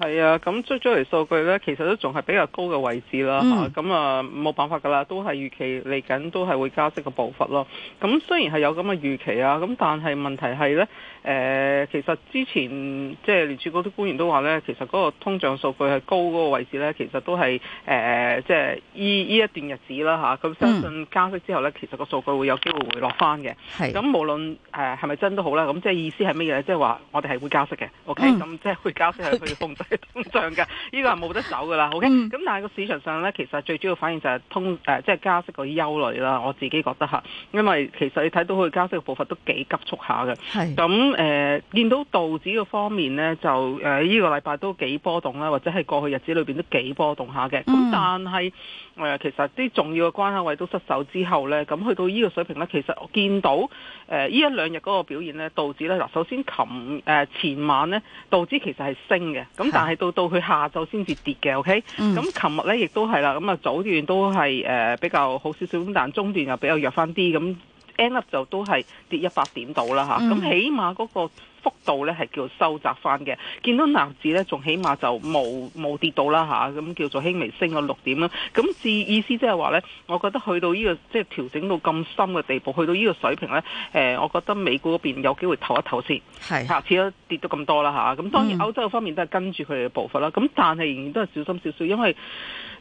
係啊，咁出咗嚟數據呢，其實都仲係比較高嘅位置啦咁、嗯、啊冇、啊、辦法噶啦，都係預期嚟緊都係會加息嘅步伐咯。咁雖然係有咁嘅預期啊，咁但係問題係呢。誒、呃，其實之前即係聯儲局嗰啲官員都話咧，其實嗰個通脹數據係高嗰個位置咧，其實都係誒，即係依依一段日子啦吓，咁、啊、相信加息之後咧，其實個數據會有機會回落翻嘅。咁無論誒係咪真都好啦，咁即係意思係乜嘢咧？即係話我哋係會加息嘅，OK？咁即係會加息係佢要控制通脹㗎，呢 個係冇得走㗎啦，OK？咁、嗯、但係個市場上咧，其實最主要反應就係通誒，即、呃、係、就是、加息嗰啲憂慮啦。我自己覺得、啊、因為其實你睇到佢加息嘅步伐都幾急促下嘅，咁。咁、呃、誒，見到道指個方面呢，就誒呢、呃，這個禮拜都幾波動啦，或者係過去日子裏邊都幾波動下嘅。咁、嗯、但係誒、呃，其實啲重要嘅關口位都失守之後呢，咁去到呢個水平呢，其實我見到誒呢、呃、一兩日嗰個表現呢，道指呢，嗱，首先琴誒、呃、前晚呢，道指其實係升嘅，咁但係到到佢下晝先至跌嘅，OK？咁琴日呢亦都係啦，咁、嗯、啊早段都係誒、呃、比較好少少，但中段又比較弱翻啲咁。A 股就都係跌一百點到啦嚇，咁、嗯、起碼嗰個幅度咧係叫收窄翻嘅。見到納指咧，仲起碼就冇冇跌到啦嚇，咁、啊、叫做輕微升咗六點啦。咁意意思即係話咧，我覺得去到呢、呢個即係、就是、調整到咁深嘅地步，去到呢個水平咧，誒、呃，我覺得美股嗰邊有機會唞一唞先。係嚇，始終跌到咁多啦嚇。咁、啊、當然歐洲方面都係跟住佢哋嘅步伐啦。咁、嗯、但係仍然都係小心少少，因為，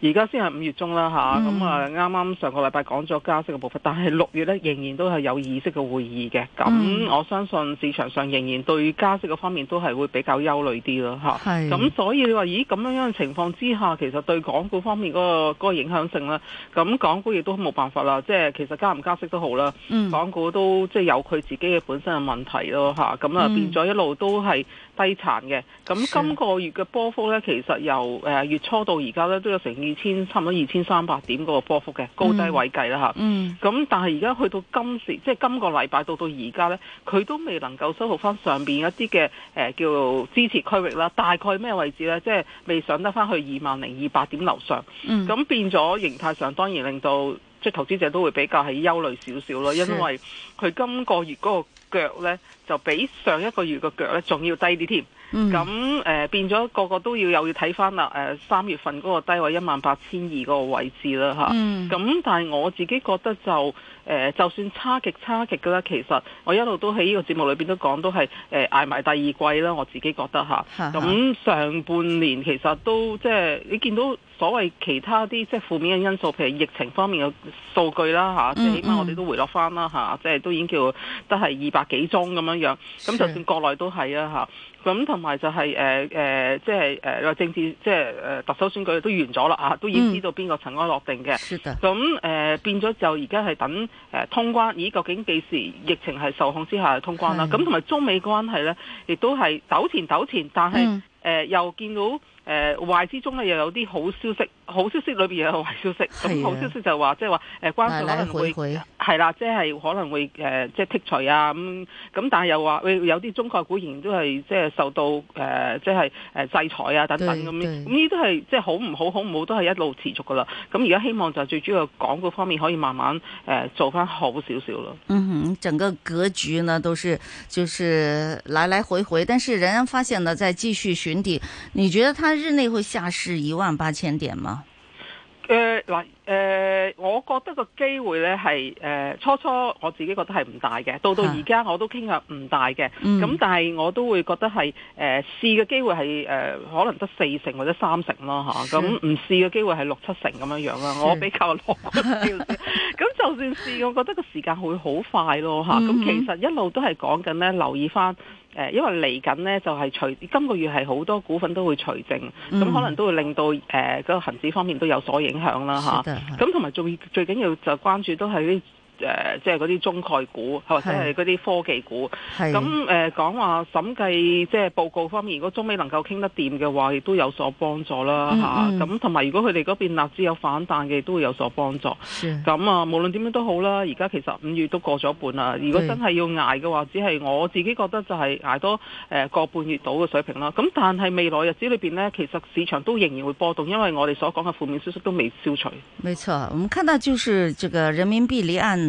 而家先係五月中啦嚇，咁啊、啱啱上個禮拜講咗加息嘅部分，但係六月咧仍然都係有議息嘅會議嘅，咁、嗯、我相信市場上仍然對加息嘅方面都係會比較憂慮啲咯嚇。咁所以你話咦，咁樣情況之下，其實對港股方面嗰、嗰個嗰個影響性啦。咁港股亦都冇辦法啦，即係其實加唔加息都好啦、嗯，港股都即係有佢自己嘅本身嘅問題咯吓，咁、嗯、啊變咗一路都係低殘嘅，咁今個月嘅波幅咧，其實由誒、呃、月初到而家咧，都有成二千差唔多二千三百點嗰個波幅嘅、嗯、高低位計啦吓嗯。咁但係而家去到今時，即係今個禮拜到到而家咧，佢都未能夠收復翻上邊一啲嘅誒叫做支持區域啦。大概咩位置咧？即、就、係、是、未上得翻去二萬零二百點樓上。嗯。咁變咗形態上，當然令到即係投資者都會比較係憂慮少少咯，因為佢今個月嗰、那個。腳咧就比上一個月個腳咧仲要低啲添，咁、嗯、誒、呃、變咗個個都要又要睇翻啦誒三月份嗰個低位一萬八千二個位置啦嚇，咁、啊嗯、但係我自己覺得就誒、呃、就算差極差極噶啦，其實我一路都喺呢個節目裏邊都講都係誒捱埋第二季啦，我自己覺得嚇，咁、啊、上半年其實都即係、就是、你見到。所謂其他啲即係負面嘅因素，譬如疫情方面嘅數據啦嚇，最、嗯、起碼我哋都回落翻啦嚇，即係都已經叫都係二百幾宗咁樣樣。咁就算國內都係啊嚇，咁同埋就係誒誒，即係誒話政治，即係誒、呃、特首選舉都完咗啦啊，都已經知道邊個塵埃落定嘅。咁、嗯、誒、呃、變咗就而家係等誒、呃、通關，咦究竟幾時疫情係受控之下通關啦？咁同埋中美關係咧，亦都係糾纏糾纏，但係誒、嗯呃、又見到。誒、呃、壞之中咧又有啲好消息，好消息裏邊又有壞消息。咁、嗯、好消息就係話即係話誒關稅可能會係啦，即係可能會誒即係剔除啊咁咁、嗯，但係又話、呃、有啲中國股仍然都係即係受到誒即係誒制裁啊等等咁呢對，對、嗯、都係即係好唔好，好唔好都係一路持續㗎喇。咁而家希望就最主要港股方面可以慢慢誒做返好少少咯。嗯，整個格局呢都是就是來來回回，但是仍然發現呢再繼續尋底。你覺得佢？日內會下市一萬八千點嗎？誒、呃、嗱，誒、呃，我覺得個機會咧係誒，初初我自己覺得係唔大嘅，到到而家我都傾向唔大嘅，咁、啊嗯、但係我都會覺得係誒、呃、試嘅機會係誒、呃、可能得四成或者三成咯吓，咁、啊、唔試嘅機會係六七成咁樣樣啦，我比較樂觀啲。咁 就算試，我覺得個時間會好快咯吓，咁、啊嗯、其實一路都係講緊咧留意翻。誒，因為嚟緊咧就係、係、除，今個月係好多股份都會除淨，咁、嗯、可能都會令到誒嗰、呃嗰個恆指方面都有所影響啦吓，咁同埋最最緊要就關注都係。誒、呃，即係嗰啲中概股，是或者係嗰啲科技股。咁誒，講話、呃、審計即係報告方面，如果中美能夠傾得掂嘅話，亦都有所幫助啦。嚇，咁同埋如果佢哋嗰邊納資有反彈嘅，亦都會有所幫助。咁啊，無論點樣都好啦。而家其實五月都過咗半啦。如果真係要捱嘅話，只係我自己覺得就係捱多誒個、呃、半月到嘅水平啦。咁但係未來日子裏面呢，其實市場都仍然會波動，因為我哋所講嘅負面消息都未消除。沒錯，我們看到就是這個人民幣離岸。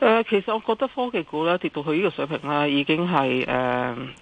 誒、呃，其實我覺得科技股咧跌到去呢個水平咧，已經係誒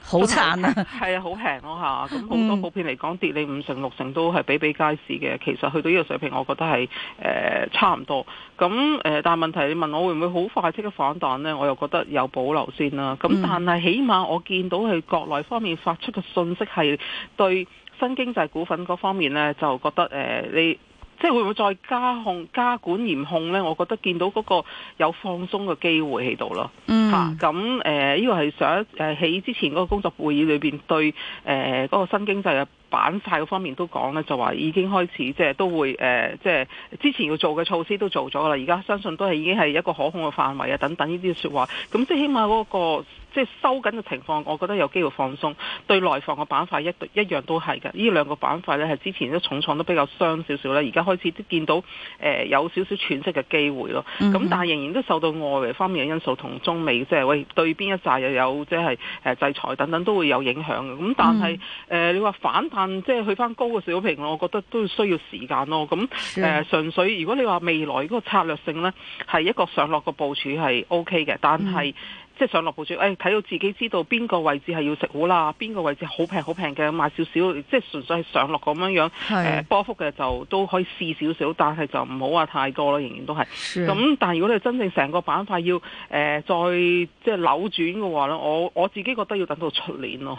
好慘啊，係啊，好、 啊、平咯、啊、嚇。咁、嗯、好多普遍嚟講，跌你五成六成都係比比皆是嘅。其實去到呢個水平，我覺得係誒、呃、差唔多。咁誒、呃，但係問題你問我會唔會好快即刻反彈咧？我又覺得有保留先啦。咁但係起碼我見到係國內方面發出嘅信息係對新經濟股份嗰方面咧，就覺得誒、呃、你。即係會唔會再加控加管嚴控呢？我覺得見到嗰個有放鬆嘅機會喺度咯。嗯吓，咁誒呢個係上一誒起之前嗰個工作會議裏邊對誒、呃、嗰個新經濟板塊方面都講咧，就話已經開始即係都會誒，即、呃、係、就是、之前要做嘅措施都做咗啦。而家相信都係已經係一個可控嘅範圍啊，等等呢啲説話。咁即係起碼嗰、那個即係、就是、收緊嘅情況，我覺得有機會放鬆。對內房嘅板塊一一樣都係嘅。呢兩個板塊咧，係之前都重創得比較傷少少咧，而家開始都見到誒、呃、有少少喘息嘅機會咯。咁但係仍然都受到外圍方面嘅因素同中美即、就、係、是、喂對邊一紮又有即係誒制裁等等都會有影響嘅。咁但係誒、嗯呃、你話反。但即係去翻高嘅水平，我覺得都需要時間咯。咁誒、呃，純粹如果你話未來嗰個策略性呢，係一個上落嘅部署係 OK 嘅，但係，嗯即係上落部署，誒、哎、睇到自己知道邊個位置係要食好啦，邊個位置好平好平嘅買少少，即係純粹係上落咁樣樣誒、呃、波幅嘅就都可以試少少，但係就唔好話太多啦，仍然都係。咁但係如果你真正成個板塊要誒、呃、再即係扭轉嘅話咧，我我自己覺得要等到出年咯。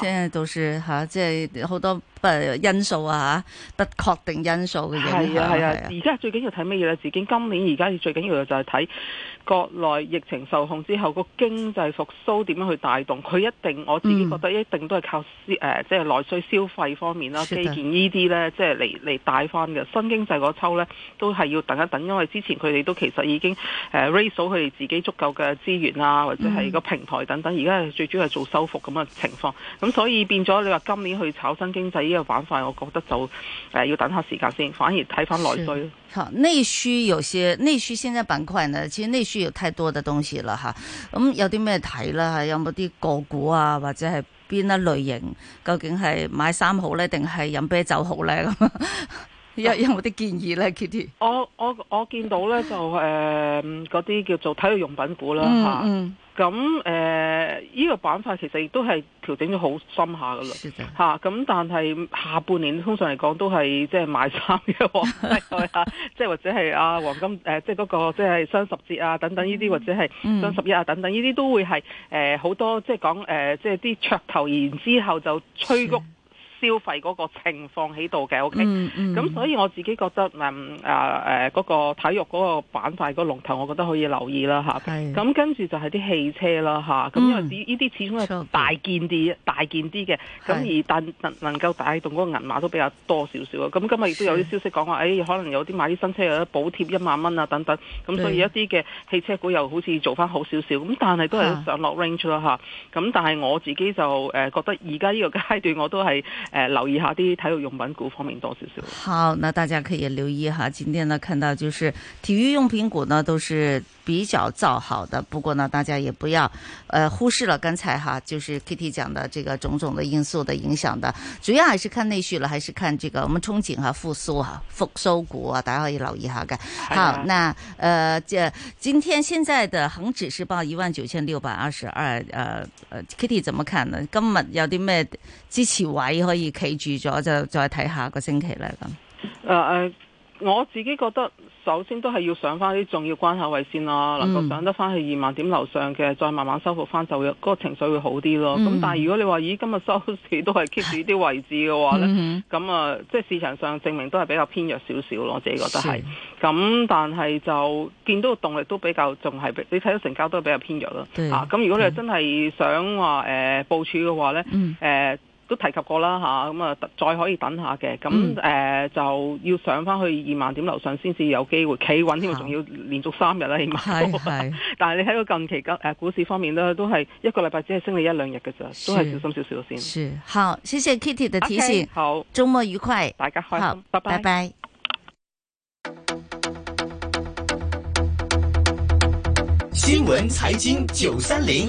即係到時嚇，即係好多因素啊，不確定因素嘅嘢。係啊係啊，而家、啊啊、最緊要睇乜嘢咧？自己今年而家最緊要嘅就係睇國內疫情受控之後個經濟復甦點樣去帶動。佢一定我自己覺得一定都係靠消、嗯、即係內需消費方面啦，基建些呢啲咧，即係嚟嚟帶翻嘅。新經濟嗰抽咧都係要等一等，因為之前佢哋都其實已經誒 raise 到佢哋自己足夠嘅資源啊，或者係個平台等等。而、嗯、家係最主要係做修復咁嘅情況，咁所以變咗你話今年去炒新經濟。呢、這個板塊我覺得就誒、呃、要等一下時間先，反而睇翻內需。吓，內需有些內需，現在板塊呢，其實內需有太多的東西了吓。咁、啊、有啲咩睇啦？有冇啲個股啊，或者係邊一類型？究竟係買衫好呢？定係飲啤酒好呢？咁？ 有有冇啲建議咧？Kitty，、啊、我我我見到咧就誒嗰啲叫做體育用品股啦嚇，咁誒呢個板塊其實亦都係調整咗好深下噶啦，嚇咁、啊、但係下半年通常嚟講都係即係買衫嘅，係、就是、 啊，即、就、係、是、或者係啊黃金誒，即係嗰個即係雙十節啊等等呢啲、嗯，或者係雙十一啊等等呢啲都會係誒好多即係講誒即係啲噱頭然之後就催谷。消費嗰個情況喺度嘅，OK，咁、嗯嗯、所以我自己覺得誒啊誒嗰個體育嗰個板塊嗰、嗰個龍頭，我覺得可以留意啦吓，咁跟住就係啲汽車啦吓咁、嗯、因為呢啲始終係大件啲，大件啲嘅，咁而但能夠夠帶動嗰個銀碼都比較多少少啊。咁今日亦都有啲消息講話，誒、哎、可能有啲買啲新車有有補貼一萬蚊啊等等，咁所以一啲嘅汽車股又好似做翻好少少，咁但係都係上落 range 啦吓咁、啊啊、但係我自己就誒覺得而家呢個階段我都係。誒、呃、留意一下啲體育用品股方面多少少。好，那大家可以留意哈，今天呢看到就是體育用品股呢都是比較造好的，不過呢大家也不要，呃忽視了。剛才哈就是 Kitty 講的這個種種的因素的影響的，主要還是看內需了，還是看這個我們憧憬哈復蘇啊，復蘇股啊大家可以留意哈看。好，那呃，這今天現在的恒指是報一萬九千六百二十二，呃，Kitty 怎麼看呢？根本有的咩？支持位可以企住咗，就再睇下個星期咧咁。誒誒，我自己覺得首先都係要上翻啲重要關口位先啦，mm. 能夠上得翻去二萬點樓上嘅，再慢慢收復翻就嗰、那個情緒會好啲咯。咁、mm. 但係如果你話咦今日收市都係 keep 住啲位置嘅話咧，咁 啊、mm-hmm. 即係市場上證明都係比較偏弱少少咯。我自己覺得係。咁 但係就見到個動力都比較仲係，你睇到成交都係比較偏弱咯。啊，咁如果你係真係想、yeah. 呃、部署的話誒部署嘅話咧，誒、mm. 呃。都提及過啦吓，咁啊再可以等下嘅，咁誒、嗯呃、就要上翻去二萬點樓上先至有機會企穩添，仲、啊、要連續三日咧，起碼。係係 但係你睇到近期今誒、呃、股市方面咧，都係一個禮拜只係升你一兩日嘅啫，都係小心少少先。好，謝謝 Kitty 的提示。Okay, 好，周末愉快，大家開心，好拜，拜，拜拜。新聞財經九三零。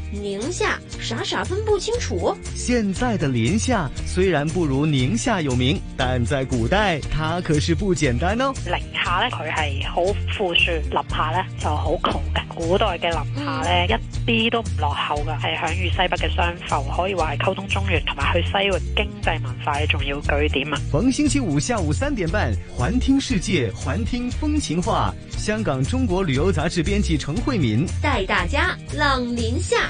寧夏傻傻分不清楚。現在的臨夏雖然不如寧夏有名，但在古代它可是不簡單哦。寧夏呢，佢係好富庶；臨夏呢就好窮嘅。古代嘅臨夏呢，嗯、一啲都唔落後噶，係享譽西北嘅商埠，可以話係溝通中原同埋去西域經濟文化嘅重要據點啊。逢星期五下午三點半，環聽世界，環聽風情話。香港中國旅遊雜誌編輯程，程慧敏帶大家覽臨夏。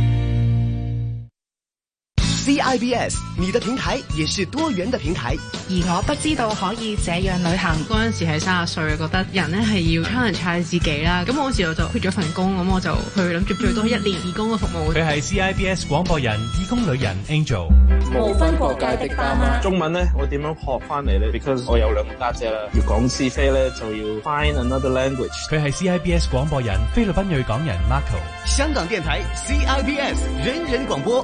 CIBS，你的平台也是多元的平台。而我不知道可以這樣旅行。嗰陣時係三十歲，覺得人咧係要差人、差自己啦。咁我陣時候就缺咗份工，咁我就去諗住最多一年義工嘅服務。佢、嗯、係 CIBS 廣播人，義工女人 Angel，冇分國界的。中文咧，我點樣學翻嚟咧？Because 我有兩個家姐啦，要講是非咧就要 find another language。佢係 CIBS 廣播人，菲律賓裔港人 Marco。香港電台 CIBS，人人廣播。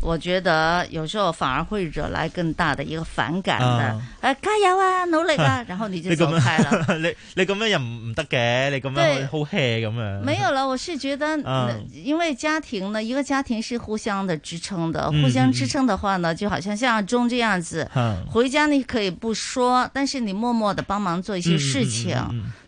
我覺得有時候反而會惹來更大的一個反感的、啊。哎，加油啊，努力啊，然後你就走開了。你咁樣 你咁樣又唔唔得嘅，你咁樣好 hea 咁樣。沒有了，我是覺得、啊，因為家庭呢，一個家庭是互相的支撐的，嗯、互相支撐的話呢，就好像像阿鍾這樣子、嗯，回家你可以不說，但是你默默的幫忙做一些事情。嗯嗯嗯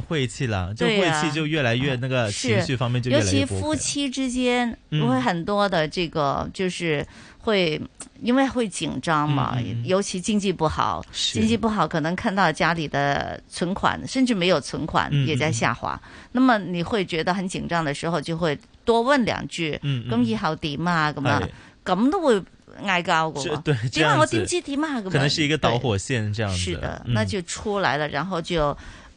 晦氣了，就晦氣就越來越、啊、那個情緒方面就越來、啊、越尤其夫妻之間，會很多的這個就是會、嗯、因為會緊張嘛，嗯、尤其經濟不好是，經濟不好可能看到家裏的存款甚至沒有存款也在下滑、嗯，那麼你會覺得很緊張的時候，就會多問兩句，嗯，咁以後點啊，咁、哎、啊，咁都會嗌交噶嘛。對，因為我點知點嘛，咁可能是一個導火線這樣子，嗯、是的，那就出來了，嗯、然後就。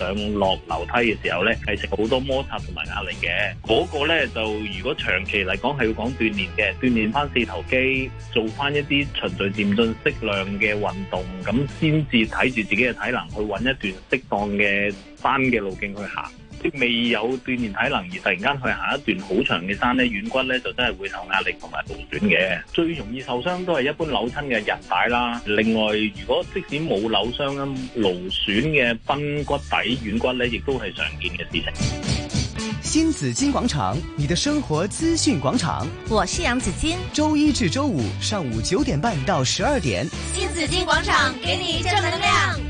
上落樓梯嘅時候呢，係食好多摩擦同埋壓力嘅。嗰、嗰個呢，就如果長期嚟講係要講鍛煉嘅，鍛煉翻四頭肌，做翻一啲循序漸進適量嘅運動，咁先至睇住自己嘅體能去揾一段適當嘅翻嘅路徑去行。未有鍛鍊體能而突然間去行一段好長嘅山咧，軟骨咧就真係會受壓力同埋勞損嘅。最容易受傷都係一般扭親嘅韌帶啦。另外，如果即使冇扭傷咁勞損嘅崩骨底軟骨咧，亦都係常見嘅事情。新紫荊廣場，你的生活資訊廣場。我是楊子矜。周一至周五上午九點半到十二點。新紫荊廣場，給你正能量。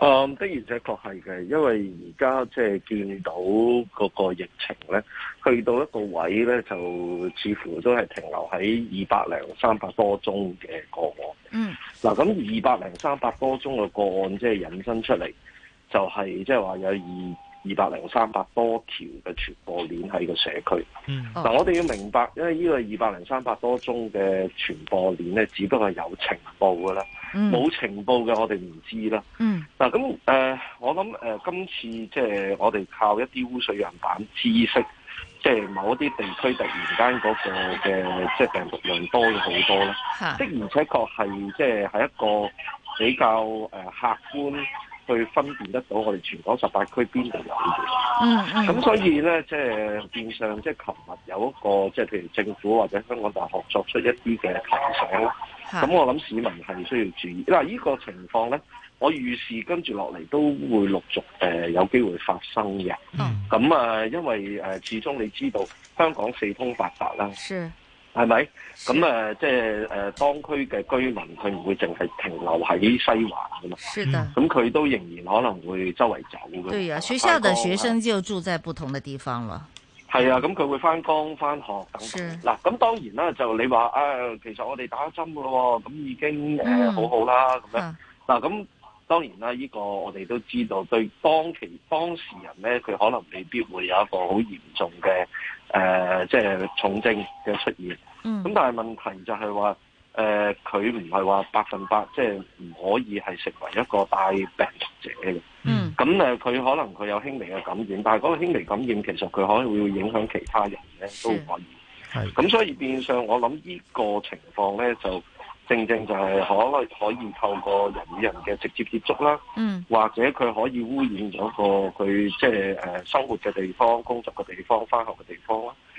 哦，um，的而且確係嘅，因為而家即係見到嗰個疫情咧，去到一個位咧，就似乎都係停留喺二百零三百多宗嘅個案。嗯，嗱，咁二百零三百多宗嘅個案，即係引申出嚟，就係即係話有二二百零三百多條嘅傳播鏈喺個社區。嗱、嗯，哦、我哋要明白，因為呢個二百零三百多宗嘅傳播鏈咧，只不過係有情報㗎啦，冇、嗯、情報嘅我哋唔知啦。嗱、嗯，咁誒、呃，我諗誒、呃，今次即係、就是、我哋靠一啲污水樣板知識，即、就、係、是、某一啲地區突然間嗰個嘅即係病毒量多咗好多咧，的而且確係即係一個比較、呃、客觀。去分辨得到我哋全港十八區邊度有呢啲，咁、啊、所以咧，即係變相即係琴日有一個，即係譬如政府或者香港大學作出一啲嘅提醒，咁我諗市民係需要注意。嗱，呢個情況咧，我預示跟住落嚟都會陸續誒、呃、有機會發生嘅。咁、嗯、啊，因為誒始終你知道香港四通八達啦。係咪？咁即係誒，當區嘅居民佢唔會淨係停留喺西環噶嘛。是的。咁、呃、佢、就是呃嗯、都仍然可能會周圍走嘅。對呀、啊，學校的學生就住在不同的地方啦。係啊，咁佢會翻工、翻學。等。嗱、咁、啊、當然啦，就你話啊、哎，其實我哋打針噶咯，咁已經誒好、嗯、好啦，咁樣。嗱、嗯，咁、啊啊、當然啦，呢、這個我哋都知道，對當時當事人咧，佢可能未必會有一個好嚴重嘅。誒、呃，即係重症嘅出現，咁、嗯、但係問題就係話，誒、呃，佢唔係話百分百，即係唔可以係成為一個帶病毒者嘅。嗯，咁誒，佢、呃、可能佢有輕微嘅感染，但係嗰個輕微感染其實佢可能會影響其他人咧，都可以。係，咁所以變相我諗呢個情況咧就。正正就係可可以透過人與人嘅直接接觸啦、嗯，或者佢可以污染咗個佢即係誒生活嘅地方、工作嘅地方、返學嘅地方啦。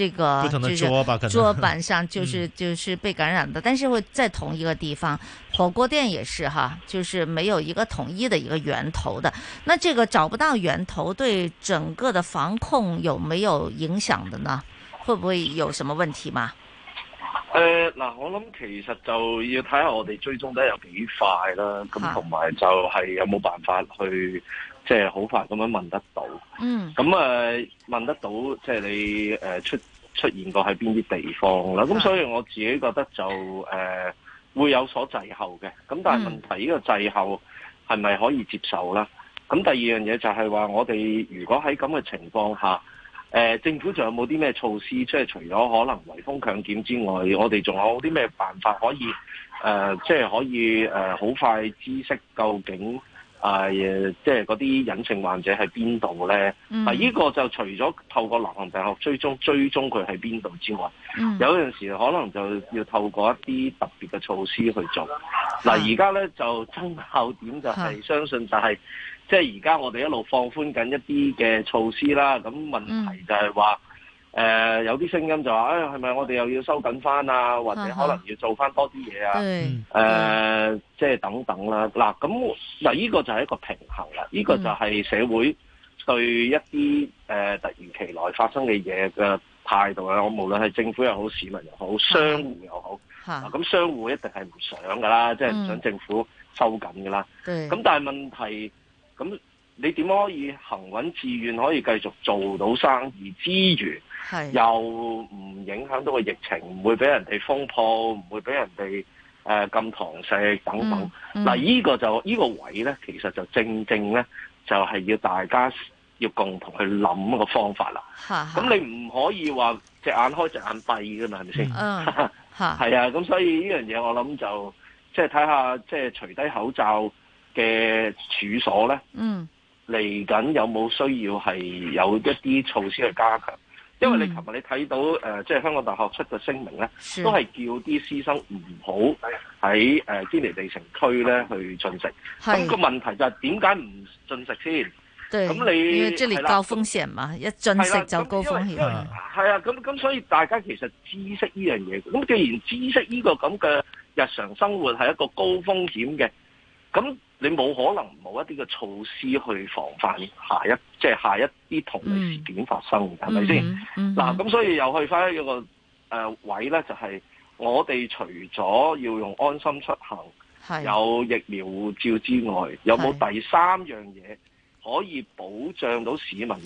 這個就是桌板上，就是就是被感染的、嗯，但是會在同一個地方，火鍋店也是哈，就是沒有一個統一的一個源頭的。那這個找不到源頭，對整個的防控有沒有影響的呢？會不會有什麼問題嗎？誒、呃，嗱、呃，我諗其實就要睇下我哋追蹤得有幾快啦，咁同埋就係有冇辦法去即係好快咁樣問得到，嗯，咁、嗯、誒問得到即係、就是、你誒、呃、出。出現過喺邊啲地方啦，咁所以我自己覺得就誒、呃、會有所滯後嘅，咁但係問題呢個滯後係咪可以接受咧？咁第二樣嘢就係話，我哋如果喺咁嘅情況下，誒、呃、政府仲有冇啲咩措施？即、就、係、是、除咗可能圍封強檢之外，我哋仲有啲咩辦法可以誒，即、呃、係、就是、可以誒好、呃、快知悉究竟？啊，即係嗰啲隱性患者喺邊度咧？嗱、嗯，依、啊呢個就除咗透過流行病學追蹤追蹤佢喺邊度之外，嗯、有陣時可能就要透過一啲特別嘅措施去做。嗱、嗯，而家咧就爭拗點就係、係嗯、相信、就係，就係即係而家我哋一路放寬緊一啲嘅措施啦。咁問題就係話，嗯誒、呃，有啲聲音就話，係、哎、咪我哋又要收緊翻啊？或者可能要做翻多啲嘢啊？誒、啊、即、啊、係、呃嗯就是、等等啦。嗱，咁嗱，依、這個就係一個平衡啦。呢、這個就係社會對一啲誒、嗯呃、突然其來突如其來發生嘅嘢嘅態度啦。我無論係政府又好，市民又好、啊，商戶又好，咁、啊啊、商戶一定係唔想㗎啦，即係唔想政府收緊㗎啦。咁、嗯、但係問題，咁你點可以行穩自願可以繼續做到生意之餘？係、啊、又唔影響到個疫情，唔會俾人哋封破，唔會俾人哋誒禁堂食等等。嗱、嗯，依、嗯這個就依、這個位咧，其實就正正咧，就係、是、要大家要共同去諗個方法啦。咁、啊、你唔可以話隻眼開隻眼閉噶嘛，係咪先？係、嗯、啊，咁、 啊、所以呢樣嘢我諗就即係睇下，即係除低口罩嘅處所咧，嚟、嗯、緊有冇需要係有一啲措施去加強？因為你琴日你睇到誒，即、嗯、係、呃、香港大學出嘅聲明咧，都係叫啲師生唔好喺誒堅尼地城區咧去進食。咁、個問題就係點解唔進食先？咁你係你高風險啊嘛，一進食就高風險。係啊，咁咁所以大家其實知識呢樣嘢。咁既然知識呢個咁嘅日常生活係一個高風險嘅，咁。你冇可能冇一啲嘅措施去防範下一即係、就是、下一啲同類事件發生，係咪先？嗱，咁、嗯嗯、所以又去翻一個誒、呃、位咧，就係、是、我哋除咗要用安心出行、有疫苗護照之外，有冇第三樣嘢可以保障到市民入去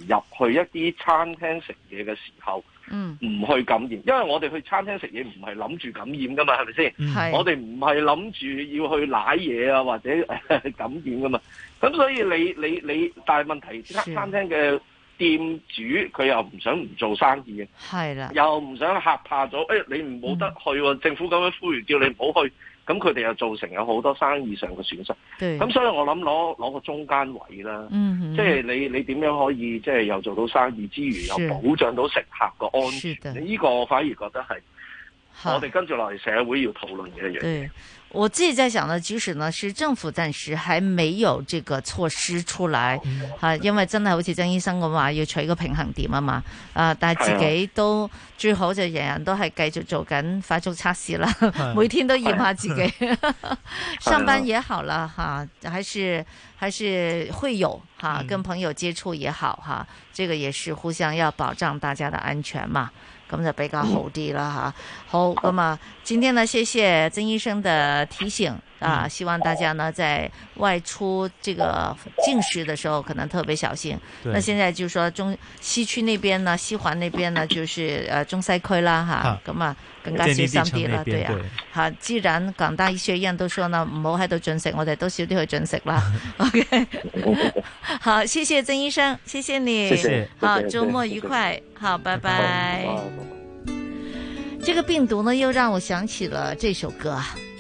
一啲餐廳食嘢嘅時候？嗯，唔去感染，因為我哋去餐廳食嘢唔係諗住感染噶嘛，係咪先？係，我哋唔係諗住要去舐嘢啊，或者呵呵感染噶嘛。咁所以你你你，你，但係問題，餐餐廳嘅店主佢又唔想唔做生意嘅，係啦，又唔想吓怕咗。誒、哎，你唔好得去喎、啊嗯，政府咁樣呼籲叫你唔好去。嗯咁佢哋又造成有好多生意上嘅損失，咁所以我諗攞攞個中間位啦。即、嗯、係、就是、你你點樣可以即係、就是、又做到生意之餘，又保障到食客個安全？呢、這個我反而覺得係我哋跟住落嚟社會要討論嘅一樣嘢。我自己在想的呢，即使呢是政府暫時還沒有這個措施出來，哈、嗯啊，因為真係好似曾醫生咁話要取一個平衡點啊嘛，嘛，啊，但係自己都、哎、最好就人人都係繼續做緊快速測試啦，每天都驗下自己，哎哎、 上班也好了吓、啊，還是還是會有哈、啊哎，跟朋友接觸也好哈、啊，這個也是互相要保障大家的安全嘛，咁、嗯、就比較好啲啦吓。好，咁、嗯、啊，今天呢，謝謝曾醫生的。提醒啊，希望大家呢在外出這個進食的時候，可能特別小心。嗯、那現在就是說，中西區那邊呢，西環那邊呢，就是呃中西區啦哈，咁啊更加小心啲啦，對啊對。好，既然港大醫學院都說呢，唔好喺度進食，我哋都少啲去進食啦。 OK， 好，謝謝曾醫生，謝謝你。謝謝。好，周末愉快，對對對對對好，拜拜、哦。這個病毒呢，又讓我想起了這首歌。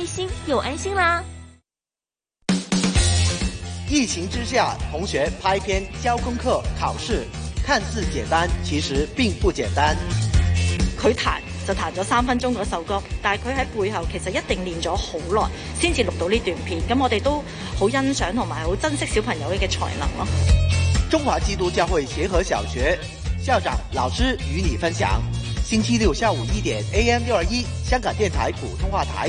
開心又安心啦！疫情之下，同學拍片、交功課、考試，看似簡單，其實並不簡單。佢彈就彈咗三分鐘嗰首歌，但係佢喺背後其實一定練咗好耐，先至錄到呢段片。咁我哋都好欣賞同埋好珍惜小朋友嘅才能咯。中華基督教會協和小學校長老師與你分享：星期六下午一點，AM 六二一，AM621，香港電台普通話台。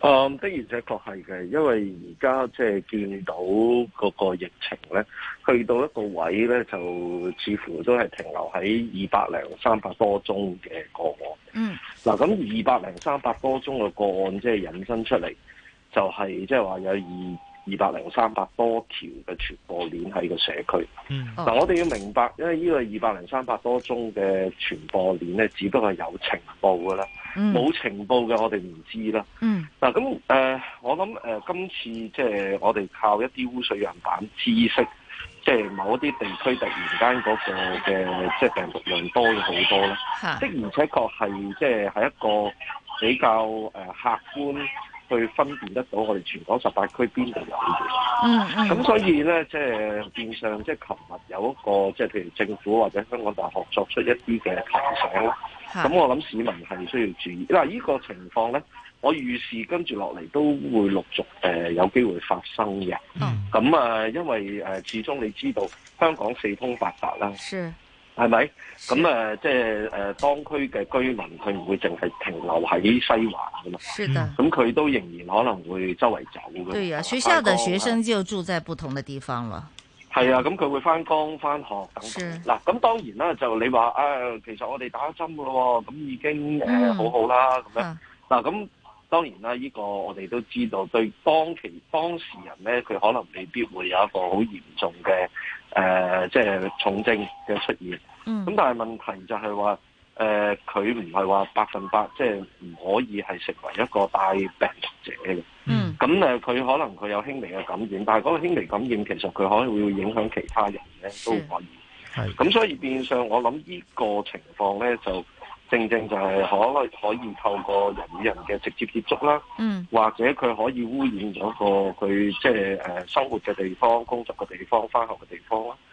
嗯，um，的而且確係嘅，因為而家即係見到嗰個疫情咧，去到一個位咧，就似乎都係停留喺二百零三百多宗嘅個案。嗯，嗱咁二百零三百多宗嘅個案，即係引申出嚟，就係即係話有二。二百零三百多條嘅傳播鏈喺個社區。嗱、嗯，哦、我哋要明白，因為呢個二百零三百多宗嘅傳播鏈咧，只不過係有情報噶啦，冇、嗯、情報嘅我哋唔知啦。嗱、嗯，咁誒、呃，我諗誒、呃，今次即係、就是、我哋靠一啲污水樣板知識，即、就、係、是、某啲地區突然間嗰個嘅即係病毒量多咗好多咧。的而且確係即係一個比較、呃、客觀。去分辨得到我哋全港十八區邊度有嘢、啊，嗯呢嗯，咁所以咧，即係變相即係琴日有一個，即係譬如政府或者香港大學作出一啲嘅提醒，咁、嗯、我諗市民係需要注意，嗱，呢依個情況咧，我預示跟住落嚟都會陸續誒有機會發生嘅，嗯，咁、嗯、啊、嗯，因為誒始終你知道香港四通八達啦，係咪？咁誒，即係誒，當區嘅居民佢唔會淨係停留喺西環㗎嘛？係啊。咁、嗯、佢都仍然可能會周圍走嘅。對啊，學校嘅學生就住在不同嘅地方啦。係啊，咁佢會返工、返學等等。係嗱，咁、啊、當然啦，就你話誒、哎，其實我哋打針㗎喎，咁已經誒、呃、好好啦咁、嗯、樣。嗱、啊，咁、啊、當然啦，呢、呢個我哋都知道，對當期當事人咧，佢可能未必會有一個好嚴重嘅。誒、呃，即係重症嘅出現，咁、嗯、但係問題就係話，誒、呃，佢唔係話百分百，即係唔可以係成為一個帶病毒者嘅。嗯，咁誒，佢、呃、可能佢有輕微嘅感染，但係嗰個輕微感染其實佢可能會影響其他人咧，都可以。係，咁所以變相我諗呢個情況咧就。正正就係可可以透過人與人嘅直接接觸啦、嗯，或者佢可以污染咗個佢即係誒生活嘅地方、工作嘅地方、返學嘅地方啦。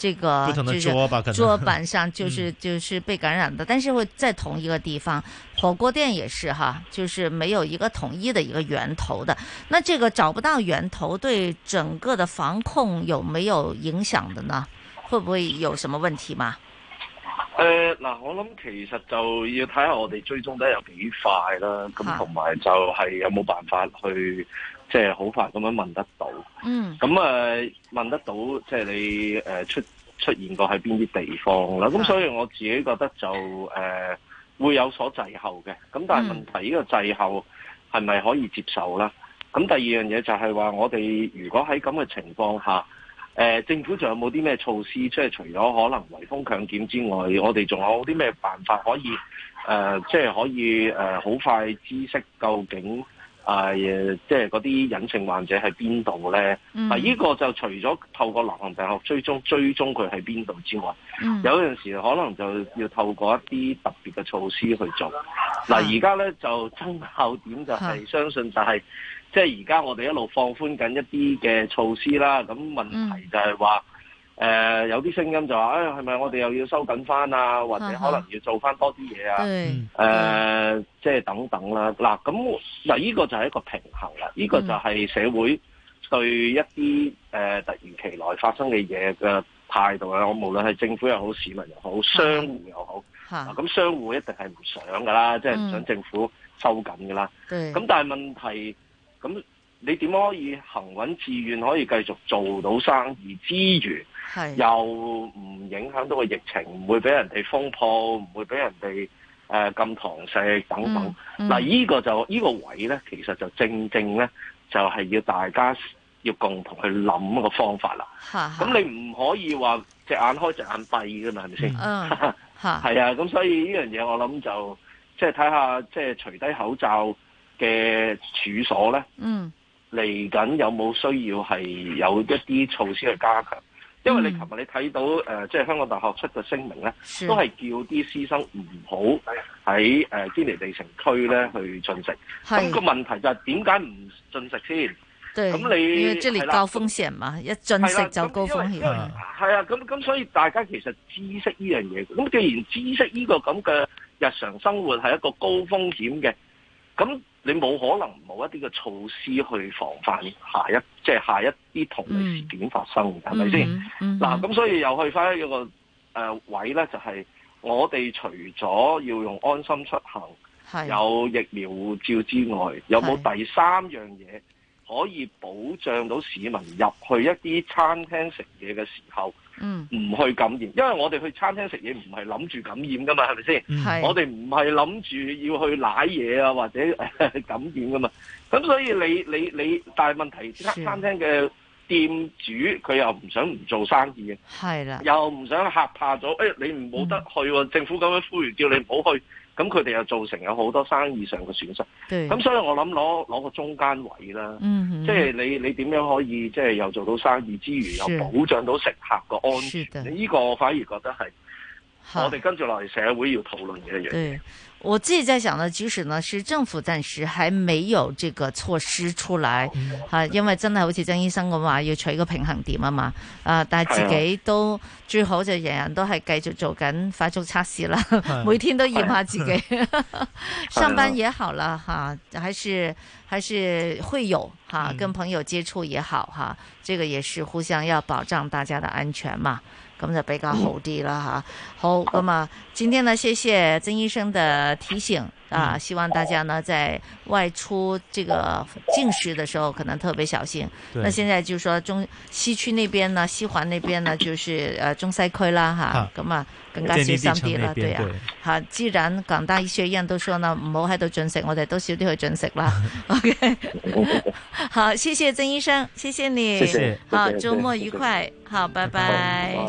這個就是桌板上就是就是被感染的，嗯、但是會在同一個地方，火鍋店也是哈，就是沒有一個統一的一個源頭的。那這個找不到源頭，對整個的防控有沒有影響的呢？會不會有什麼問題嗎？呃，嗱、呃，我諗其實就要睇下我哋追蹤得有幾快啦，咁同埋就係有冇辦法去。即係好快咁樣問得到，咁、mm. 誒、嗯、問得到，即、就、係、是、你誒出出現過喺邊啲地方啦。咁所以我自己覺得就誒、呃、會有所滯後嘅。咁但係問題呢個滯後係咪可以接受呢？咁第二樣嘢就係話，我哋如果喺咁嘅情況下，誒、呃、政府仲有冇啲咩措施？即、就、係、是、除咗可能圍封強檢之外，我哋仲有啲咩辦法可以誒？即、呃、係、就是、可以誒好快知悉究竟。啊，即係嗰啲隱性患者喺邊度咧？嗱、嗯，依、啊，這個就除咗透過流行病學追蹤追蹤佢喺邊度之外，嗯、有陣時可能就要透過一啲特別嘅措施去做。嗱、嗯，而家咧就爭拗點就係、是嗯、相信、就是，就係即係而家我哋一路放寬緊一啲嘅措施啦。咁問題就係話。嗯誒、呃、有啲聲音就話，係、哎、咪我哋又要收緊翻啊？或者可能要做翻多啲嘢啊？誒、啊、即、啊、係、呃就是、等等啦。嗱，咁嗱，依、這個就係一個平衡啦。呢、這個就係社會對一啲、嗯啊、突如其來發生嘅嘢嘅態度啦。我、嗯、無論係政府又好，市民又好、啊，商戶又好，咁、啊、商戶一定係唔想㗎啦，即係唔想政府收緊㗎啦。咁、嗯、但係問題，咁你點可以行穩自願可以繼續做到生意之餘？啊、又唔影響到個疫情，唔會俾人哋封舖，唔會俾人哋誒咁堂食等等。嗱、嗯，呢、嗯啊呢個就呢、呢個位呢，其實就正正呢，就係、係、要大家要共同去諗個方法啦。咁你唔可以話隻眼開隻眼閉噶嘛，係咪先？嗯，係、嗯、 啊。咁所以呢樣嘢，我諗就即係睇下，即係除低口罩嘅處所呢嗯嚟緊有冇需要係有一啲措施去加強？因為你琴日你睇到誒，即、嗯、係、呃、香港大學出嘅聲明咧，都係叫啲師生唔好喺誒堅尼地城區咧去進食。咁、個問題就係點解唔進食先？咁你即係高風險係嘛？一進食就高風險。係啊，咁咁所以大家其實知識呢樣嘢。咁既然知識呢個咁嘅日常生活係一個高風險嘅，咁。你冇可能冇一啲嘅措施去防範下一即係、就是，下一啲同類事件發生嘅係咪先？嗱、嗯，咁、嗯嗯、所以又去翻一個誒、呃、位咧，就係、是、我哋除咗要用安心出行、有疫苗護照之外，有冇第三樣嘢可以保障到市民入去一啲餐廳食嘢嘅時候？唔、嗯、去感染，因為我哋去餐廳食嘢唔係諗住感染噶嘛，係咪先？我哋唔係諗住要去舐嘢啊，或者呵呵感染噶嘛。咁所以你你你，你，但係問題啲餐廳嘅店主佢又唔想唔做生意嘅，係啦，又唔想嚇怕咗、哎。你唔冇得去喎、啊嗯，政府咁樣呼籲叫你唔好去。嗯咁佢哋又造成有好多生意上嘅損失，咁所以我諗攞攞個中間位啦，即、嗯、係、就是、你你點樣可以即係、就是、又做到生意之餘又保障到食客嘅安全？呢個、這個我反而覺得係。 我哋跟住落嚟社會要討論嘅嘢。對我自己在想的就是呢，即使呢是政府暫時還沒有這個措施出來，吓、嗯，因為真係好似曾醫生咁話，要取個平衡點啊嘛。啊，但係自己都、啊、最好就人人都係繼續做緊快速測試啦，每天都驗下自己。啊、 上班也好了哈、啊，還是還是會有哈、啊嗯，跟朋友接觸也好哈、啊，這個也是互相要保障大家的安全嘛。咁就比較好啲啦吓，好咁啊，今天呢，謝謝曾醫生的提醒啊，希望大家呢在外出這個進食的時候，可能特別小心。那現在就是說，中西區嗰邊呢，西環嗰邊呢，就是呃中西區啦吓，咁啊更加小心啲啦，對啊嚇。既然港大醫學院都說呢，唔好喺度進食，我哋都少啲去進食啦。OK， 好，謝謝曾醫生，謝謝你，謝謝，好，週末愉快，好，拜拜。Okay.